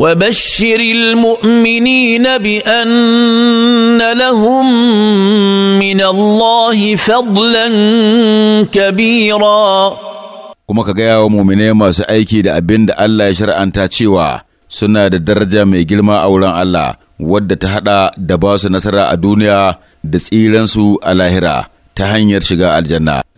وبشر المؤمنين بان لهم من الله فضلا كبيرا kuma ka gaya wa mumine masu aiki da abin da Allah ya shar'anta cewa suna da daraja mai girma a wurin Allah wadda ta haɗa da ba su nasara a duniya da tsiransu a lahira ta hanyar shiga aljanna